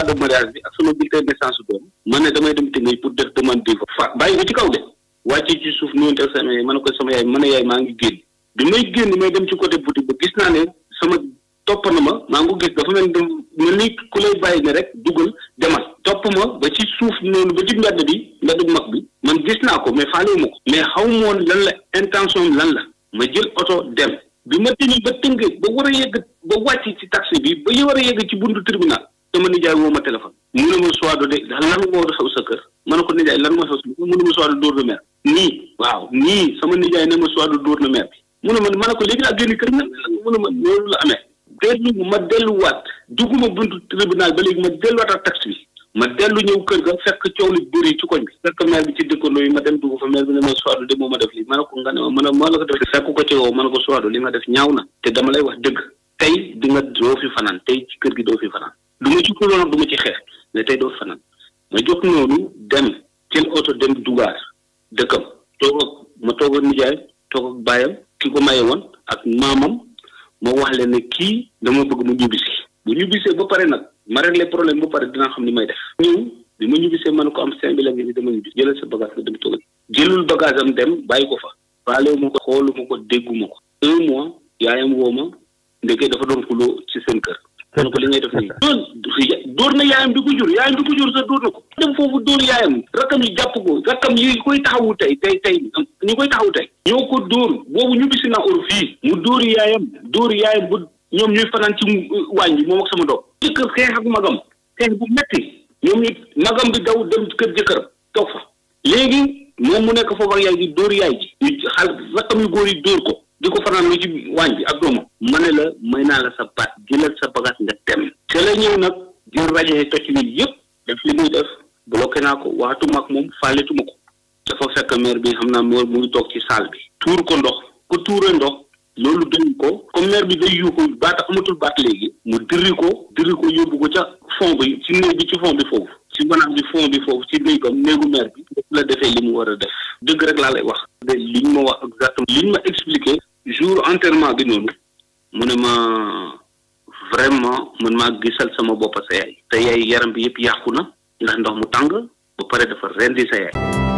certificat de mariage bi ak sama bulletin de naissance doom man ne damay dem Tëngéej pour def demande ma dem ci côté boutique ba gis naa ne sama topp na ma maa ngi ko gis dafa mel ni mel ni ku lay bàyyi ne demal topp ma ba ci suuf noonu ba ci mbedd bi mbedd bu mag bi man gis naa ko mais faalewu ma ko mais xaw ma woon lan la intention lan la ma jël oto dem bi ma tëni ba tënk ba war a yegg ba wàcc ci taxi bi ba war a yegg ci buntu tribunal sama nijaay woo ma téléphone mu ne ma Souadou de lan moo xew sa kër ma ne ko lan moo xew sa kër mu ne ma Souadou sama nijaay ne ma Souadou dóor na meer bi mu ne ne ko léegi laa génn kër ma loolu la amee dellu ma delluwaat dugguma buntu tribunal ba léegi ma delluwaat ak taxe bi ma dellu ñëw kër ga fekk coow li bëri ci koñ bi fekk ma dem dugg fa maire de moo ma def ne ko nga ne ma ko def fekk ko ci woo ma ne ko Souadou li nga def ñaaw na te dama lay wax dëgg tey di nga doo fi fanaan tey ci kër gi doo fi fanaan lu ma ci xuloon du ma ci xeex ne tey doo fanaan ma jox noonu dem jël oto dem dugaar dëkkam toog ak ma toog ak nijaay toog ak baayam ki ko maye woon ak maamam ma wax leen ne kii dama bëgg mu ñibbisi bu ñibbisee ba pare nag ma réglé problème ba pare dina xam ni may def ñëw bi ma ñibbisee man ko am cinq mille ngi ni dama ñibbisi jëlal sa bagage nga dem toog jëlul bagage dem bàyyi ko fa faalewu ma ko xoolu ko dégguma ko un mois yaayam woo ma dafa doon xuloo ci seen kër ko li def dóor na yaayam bi ko jur yaayam bi ko jur sa dóor na ko dem foofu dóor yaayam rakkam yi jàpp ko rakkam yi koy taxawu tey tey tey ñu koy taxawu tey ñoo ko door boobu ñu bisi na ur fii mu doori yaayam dóor yaayam ba ñoom ñuy fanaan ci waañ bi moom ak sama doom jëkkër xeex ak magam xeex bu ñoom it magam bi dem kër jëkkëram toog fa léegi moom mu nekk foofu ak yaay ji dóor yaay ji xal rakkam yu góor yi dóor ko di ko fanaan lu ci waañ bi ak doomam ma ne la may naa la sa baat jëlal sa bagaas nga dem ca la ñëw nag suñu rajee toj wii yëpp def li muy def bloqué naa ko waxatuma ak moom ma ko dafa fekk maire bi xam naa maire mu ngi toog ci saal bi tuur ko ndox ko tuure ndox loolu doy ko comme maire bi day yuuxu baata amatul baat léegi mu diri ko diri ko yóbbu ko ca fond bi ci néeg bi ci fond bi foofu ci wanaam bi fond bi foofu ci ko néegu maire bi la defee li mu war a def dëgg rek laa lay wax de liñ ma wax exactement liñ ma expliqué jour enterrement bi noonu mu ne ma vraiment mën maa gisal sama bopp sa yaay te yaay yaram bi yëpp yàqu na ndax ndox mu tàng ba pare dafa rendi sa yaay